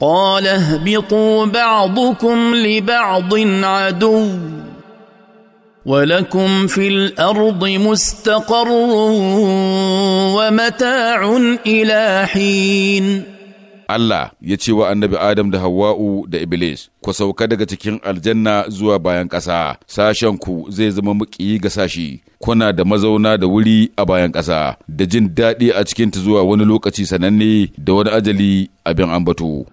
قال اهبطوا بعضكم لبعض عدو ولكم في الارض مستقر ومتاع الى حين Allah ya ce wa annabi Adam da Hawwa'u da Iblis, ku sauka daga cikin aljanna zuwa bayan ƙasa, sashenku zai zama muƙiyi ga sashi, kuna da mazauna da wuri a bayan ƙasa, da jin daɗi a cikinta zuwa wani lokaci sananne da wani ajali abin ambato.